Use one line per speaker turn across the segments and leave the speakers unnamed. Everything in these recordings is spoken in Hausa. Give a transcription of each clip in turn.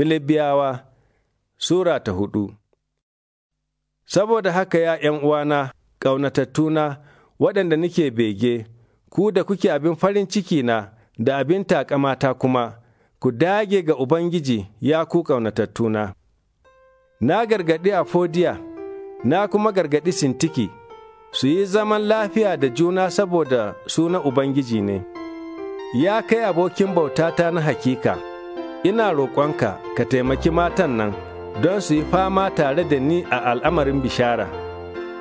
Filibiyawa Sura ta hudu Saboda haka ya ’yan uwana, ƙaunatattuna, waɗanda nike bege, ku da kuke abin farin ciki na da abin taƙamata kuma, ku dage ga Ubangiji ya ku ƙaunatattuna. Na gargaɗi a fodiya, na kuma gargaɗi sintiki, su yi zaman lafiya da juna saboda suna Ubangiji ne. Ya kai abokin bautata na hakika. ina roƙonka ka taimaki matan nan don su yi fama tare da ni a al'amarin bishara.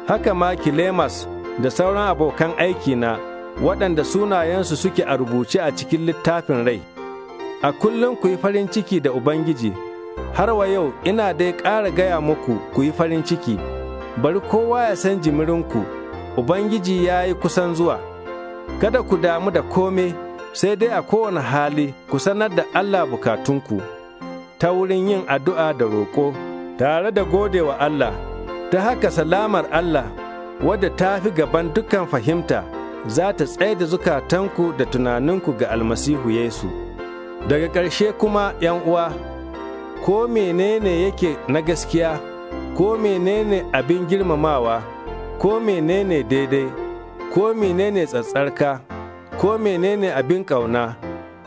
Haka ma Kilemas da sauran abokan aikina waɗanda sunayensu suke a rubuce a cikin littafin rai. A kullum ku yi farin ciki da Ubangiji, har wa yau ina dai ƙara gaya muku ku yi farin ciki, bari kowa ya san jimirinku, Ubangiji ya yi kusan zuwa. Kada ku damu da kome. sai dai a kowane hali ku sanar da Allah bukatunku ta wurin yin addu'a da roƙo tare da godewa Allah, ta haka salamar Allah wadda ta fi gaban dukkan fahimta za ta tsaye da zukatanku da tunaninku ga almasihu Yesu. Daga ƙarshe kuma ‘yan uwa, ko menene yake na gaskiya, ko menene abin girmamawa, ko menene daidai, ko menene tsatsarka. ko menene abin ƙauna,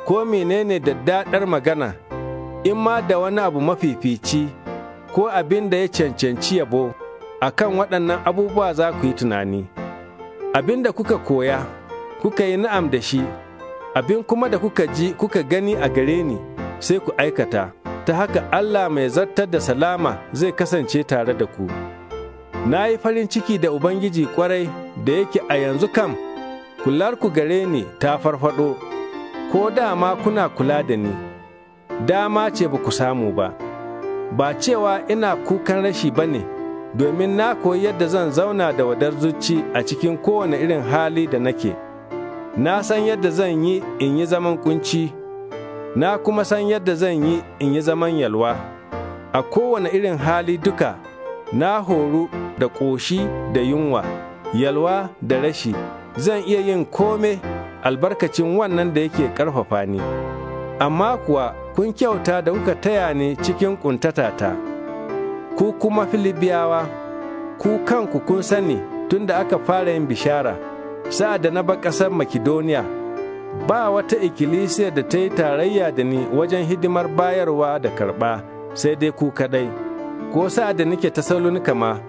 ko menene daddaɗar magana, in ma da wani abu mafifici, ko abin da ya cancanci yabo, a kan waɗannan abubuwa za ku yi tunani. Abin da kuka koya, kuka yi na'am da shi, abin kuma da kuka ji kuka gani a gare ni, sai ku aikata, ta haka Allah mai zartar da salama zai kasance tare da ku. Na yi farin ciki da Ubangiji kwarai da yake a yanzu kam. ku gare ni ta farfado, ko dama kuna kula da ni, dama ce ba ku samu ba, ba cewa ina kukan rashi ba ne, domin na koyi yadda zan zauna da wadar zuci a cikin kowane irin hali da nake. Na san yadda zan yi in yi zaman kunci, na kuma san yadda zan yi in yi zaman yalwa, a kowane irin hali duka, na horu da ƙoshi da yunwa, yalwa da rashi. zan iya yin kome albarkacin wannan da yake ƙarfafa ni, amma kuwa kun kyauta da kuka taya ni cikin ƙuntatata, ku kuma Filibiyawa, ku kanku kun sani tun da aka fara yin bishara, sa'ad da na ba ƙasar Makedoniya. ba wata ikkilisiya da ta yi tarayya da ni wajen hidimar bayarwa da karɓa, sai dai ku kaɗai, ko sa'ad da nake ta ma.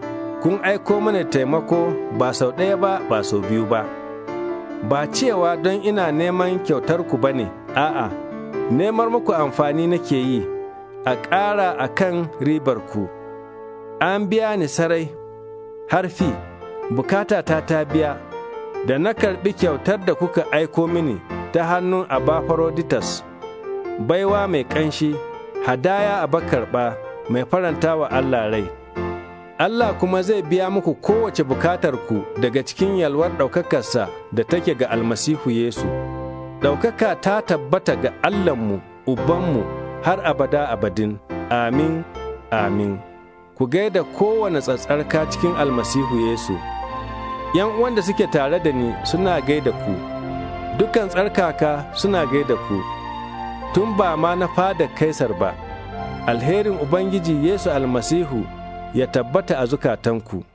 kun aiko mana taimako ba sau ɗaya ba ba sau biyu ba ba cewa don ina neman kyautarku ba ne a'a nemar muku amfani nake yi a ƙara a kan ribarku an biya ni sarai harfi bukata ta ta biya da na karɓi kyautar da kuka aiko mini ta hannun abafaroditas baiwa mai ƙanshi hadaya a bakarɓa mai faranta wa allah rai Allah kuma zai biya muku kowace bukatarku daga cikin yalwar ɗaukakarsa da take ga almasihu Yesu. Ɗaukaka ta tabbata ga Allahnmu, Ubanmu, har abada abadin, amin, amin. Ku gaida kowane tsatsarka cikin almasihu Yesu. ‘Yan uwan da suke tare da ni suna gaida ku, dukan tsarkaka suna gaida ku, tun ba ma na fada Kaisar ba, alherin Ubangiji Yesu almasihu. ya tabbata a zukatanku.